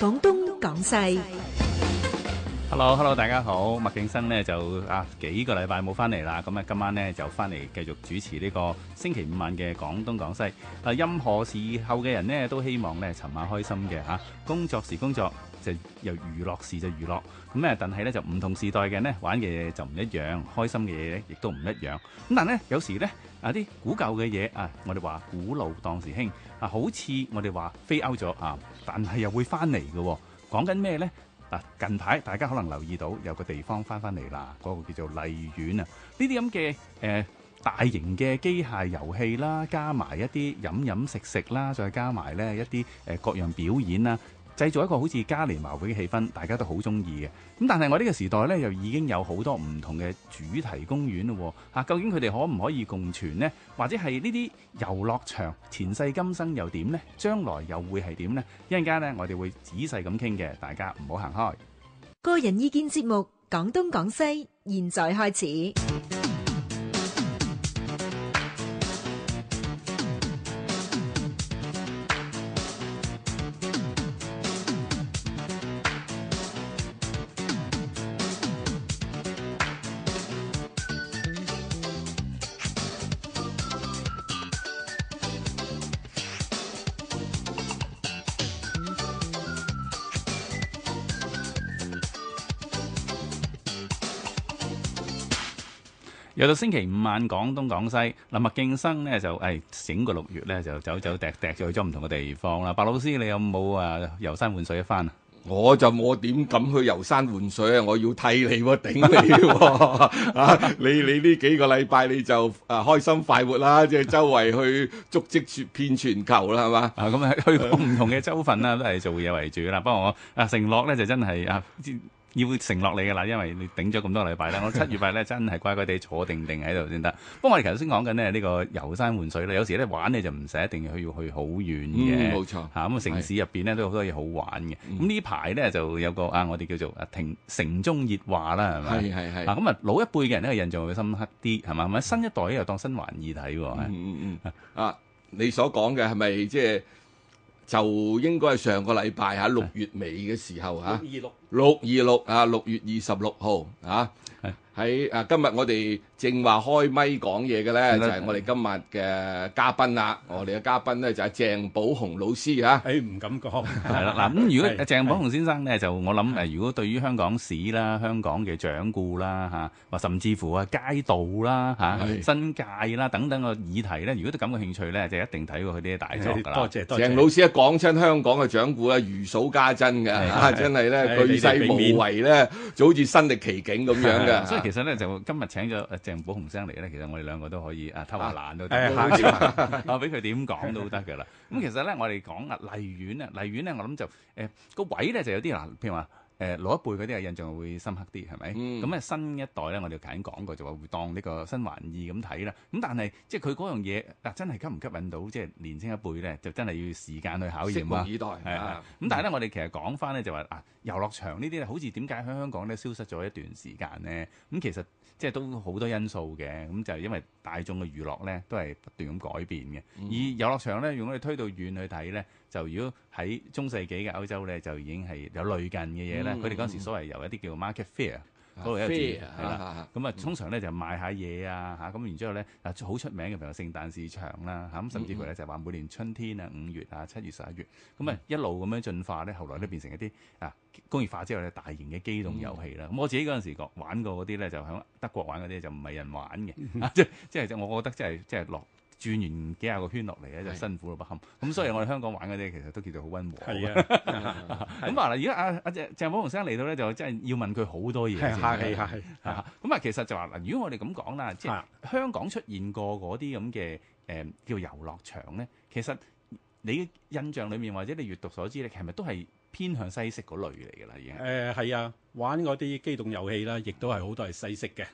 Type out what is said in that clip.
廣東廣西，Hello Hello，大家好，麥勁生呢，就啊幾個禮拜冇翻嚟啦，咁啊今晚呢就翻嚟繼續主持呢個星期五晚嘅廣東廣西。啊，任何時候嘅人呢都希望呢尋晚開心嘅吓，啊，工作時工作。就由娛樂時就娛樂咁咧，但係咧就唔同時代嘅咧玩嘅嘢就唔一樣，開心嘅嘢咧亦都唔一樣。咁但係咧有時咧啊啲古舊嘅嘢啊，我哋話古老當時興啊，好似我哋話飛歐咗啊，但係又會翻嚟嘅。講緊咩咧？啊，近排大家可能留意到有個地方翻翻嚟啦，嗰、那個叫做荔園啊。呢啲咁嘅誒大型嘅機械遊戲啦，加埋一啲飲飲食食啦，再加埋咧一啲誒各樣表演啦。製造一個好似嘉年華會嘅氣氛，大家都好中意嘅。咁但係我呢個時代咧，又已經有好多唔同嘅主題公園咯。嚇、啊，究竟佢哋可唔可以共存呢？或者係呢啲遊樂場前世今生又點呢？將來又會係點呢？一陣間呢，我哋會仔細咁傾嘅，大家唔好行開。個人意見節目《講東講西》，現在開始。又到星期五晚，講東講西。林麥敬生咧就誒、哎、整個六月咧就走走趯趯就去咗唔同嘅地方啦。白老師，你有冇啊遊山玩水一番啊？我就冇點咁去遊山玩水啊！我要替你喎、啊，頂你喎、啊 啊！啊，你你呢幾個禮拜你就啊開心快活啦，即係周圍去足跡遍全球啦，係嘛？ 啊，咁啊去過唔同嘅州份啦，都係做嘢為主啦。不過我啊，承諾咧就真係啊。要承諾你嘅啦，因為你頂咗咁多禮拜啦。我七月八咧真係乖乖地坐定定喺度先得。不過 我哋頭先講緊咧呢個遊山玩水咧，有時咧玩咧就唔使一定要去要去好遠嘅，冇、嗯、錯嚇。咁、啊、城市入邊咧都有好多嘢好玩嘅。咁呢排咧就有個啊，我哋叫做啊庭城中熱話啦，係咪？係係係。咁啊老一輩嘅人咧印象會深刻啲係嘛？係咪新一代咧又當新玩意睇喎？嗯嗯啊，你所講嘅係咪即係？是就應該係上個禮拜嚇啊，六月尾嘅時候嚇，六二六啊，六月二十六號啊，喺誒今日我哋正話開咪講嘢嘅咧，就係我哋今日嘅嘉賓啦。我哋嘅嘉賓咧就係鄭寶鴻老師嚇。誒唔敢講。係啦。嗱，咁如果鄭寶鴻先生咧，就我諗如果對於香港史啦、香港嘅掌故啦，或甚至乎啊街道啦新界啦等等個議題咧，如果都感覺興趣咧，就一定睇過佢啲大作㗎啦。多謝多謝。鄭老師一講親香港嘅掌故啊，如數家珍嘅真係咧，巨細無遺咧，就好似身歷其境咁樣嘅。所以其實咧就今日請咗。鄭寶鴻生嚟咧，其實我哋兩個都可以啊，偷下懶都得，係啊，俾佢點講都得嘅啦。咁其實咧，我哋講啊荔園啊，荔園咧，我諗就誒、呃那個位咧就有啲難，譬如話。誒、呃、老一輩嗰啲係印象會深刻啲，係咪？咁啊、嗯、新一代咧，我哋頭先講過就話會當呢個新玩意咁睇啦。咁但係即係佢嗰樣嘢嗱，真係吸唔吸引到？即係年輕一輩咧，就真係要時間去考驗。拭目以待咁、啊嗯嗯、但係咧，我哋其實講翻咧就話啊，遊樂場呢啲好似點解喺香港咧消失咗一段時間咧？咁其實即係都好多因素嘅，咁就因為大眾嘅娛樂咧都係不斷咁改變嘅。嗯、而遊樂場咧，如果你推到遠去睇咧，就如果喺中世紀嘅歐洲咧，就已經係有類近嘅嘢。佢哋嗰時所謂由一啲叫 market fair 嗰個 fair 係啦，咁啊通常咧就賣下嘢啊嚇，咁然之後咧嗱好出名嘅譬如聖誕市場啦嚇，咁甚至乎咧就話每年春天啊，五月啊，七月、十一月，咁啊一路咁樣進化咧，後來都變成一啲啊工業化之後嘅大型嘅機動遊戲啦。咁我自己嗰陣時玩過嗰啲咧就響德國玩嗰啲就唔係人玩嘅，即即係我覺得即係即係落。轉完幾廿個圈落嚟咧，就辛苦到不堪。咁是的 所以我哋香港玩嗰啲其實都叫做好溫和。係啊。咁話啦，而家阿阿隻鄭寶鴻生嚟到咧，就真係要問佢好多嘢。咁啊，其實就話嗱，如果我哋咁講啦，即係香港出現過嗰啲咁嘅誒叫遊樂場咧，其實你的印象裏面或者你閲讀所知咧，其實係咪都係偏向西式嗰類嚟㗎啦？已經、呃。誒係啊，玩嗰啲機動遊戲啦，亦都係好多係西式嘅。